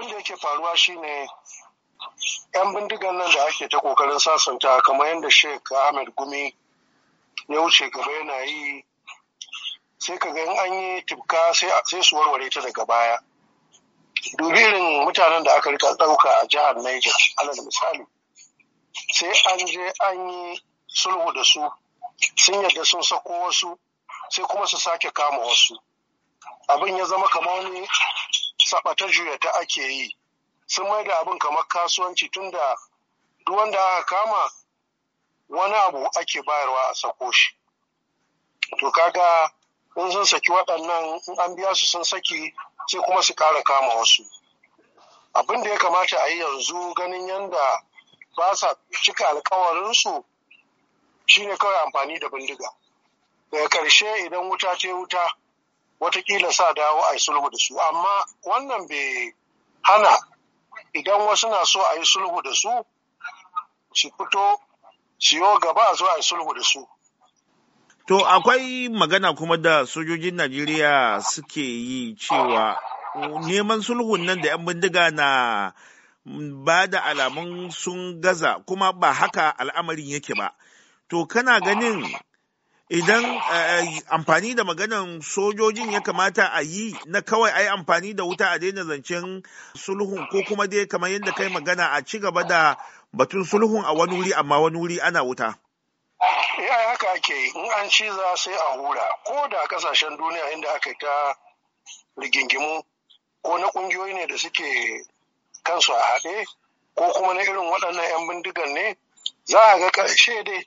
abin da yake faruwa shine yan bindigan nan da ake ta kokarin sasanta kamar yadda Sheikh ahmed gumi ya wuce gaba yana yi sai ka ga yin an yi tibka sai su warware ta daga baya dubi irin mutanen da aka rika ɗauka a jihar niger alal misali sai an je an yi sulhu da su sun yadda sun sako wasu sai kuma su sake kama wasu abin ya zama kamar wani juya ta ake yi sun mai da abin kamar kasuwanci tunda duk wanda aka kama wani abu ake bayarwa a sako shi to kaga in sun saki waɗannan in an biya su sun saki sai kuma su ƙara kama wasu abin da ya kamata a yi yanzu ganin yadda ba sa cika alkawarinsu shine kawai amfani da bindiga daga ƙarshe idan wuta ce wuta watakila sa dawo a yi sulhu da su amma wannan bai hana idan wasu na so a yi sulhu da su su fito siyo gaba a zo a yi sulhu da su to akwai magana kuma da sojojin najeriya suke yi cewa neman sulhun nan da 'yan bindiga na ba da alamun sun gaza kuma ba haka al'amarin yake ba to kana ganin idan eh, eh, amfani da maganan sojojin ya kamata a yi na kawai a amfani da wuta a daina zancen sulhun ko kuma dai kamar yadda kai magana a ci gaba da batun sulhun a wani wuri amma wani wuri ana wuta. Ya haka ake in an ci ciza sai a hura ko da kasashen duniya inda aka ta rigingimu ko na kungiyoyi ne da suke kansu a haɗe ko kuma na irin waɗannan 'yan bindigan ne za a ga ƙarshe dai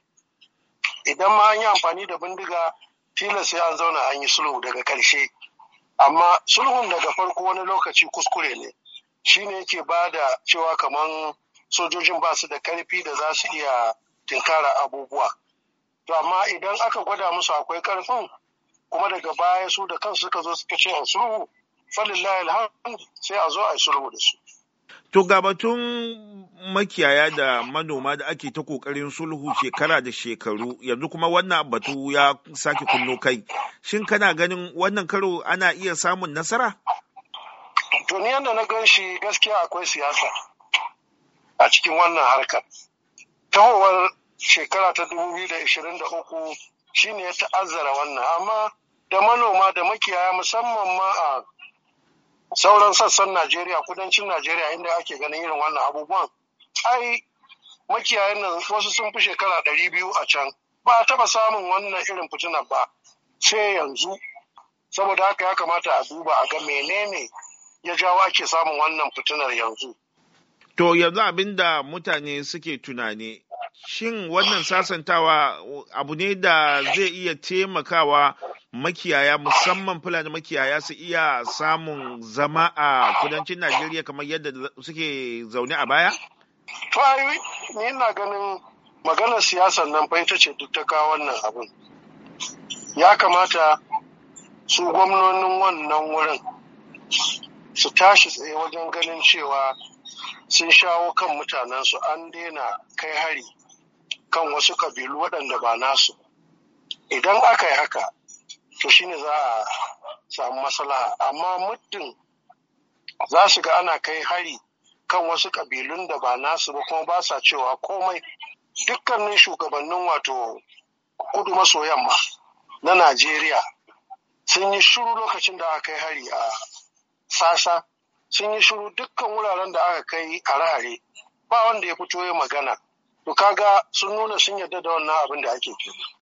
idan ma an yi amfani da bindiga tila sai an zauna an yi sulhu daga ƙarshe amma sulhun daga farko wani lokaci kuskure ne shine yake ba da cewa kamar sojojin ba su da karfi da za su iya tinkara abubuwa to amma idan aka gwada musu akwai karfin kuma daga baya su da kansu suka zo suka ce a sulhu falillahi alhamdu sai a zo a yi sulhu da su To ga batun makiyaya da manoma da ake ta kokarin sulhu shekara da shekaru yanzu kuma wannan batu ya sake kunno kai shin kana ganin wannan karo ana iya samun nasara? To ni yadda na gan shi gaskiya akwai siyasa a cikin wannan harkar. Tahowar shekara ta 2023 ne ya ta'azzara wannan amma da manoma da makiyaya musamman ma a sauran sassan Najeriya kudancin Najeriya inda ake ganin irin wannan abubuwan ai makiyayan nan wasu sun fi shekara ɗari biyu a can ba a taɓa samun wannan irin fitinan ba sai yanzu saboda haka ya kamata a duba a ga menene ya jawo ake samun wannan fitinar yanzu. To yanzu abin da mutane suke tunani shin wannan sasantawa abu ne da zai iya taimakawa makiyaya musamman fulani makiyaya su iya samun zama a kudancin najeriya kamar yadda suke zaune a baya to ai ni ina ganin maganar siyasar nan fahimta ce duk ta kawo wannan abin ya kamata su gwamnonin wannan wurin su tashi tsaye wajen ganin cewa sun shawo kan mutanen su an daina kai hari kan wasu kabilu waɗanda ba nasu idan aka yi haka to shi ne za a samu maslaha amma muddin za su ga ana kai hari kan wasu kabilun da ba nasu ba kuma ba sa cewa komai dukkanin shugabannin wato kudu maso yamma na najeriya sun yi shuru lokacin da aka kai hari a sasa sun yi shuru dukkan wuraren da aka kai hare-hare ba wanda ya fito ya magana to kaga sun nuna sun yarda da wannan abin da ake kenan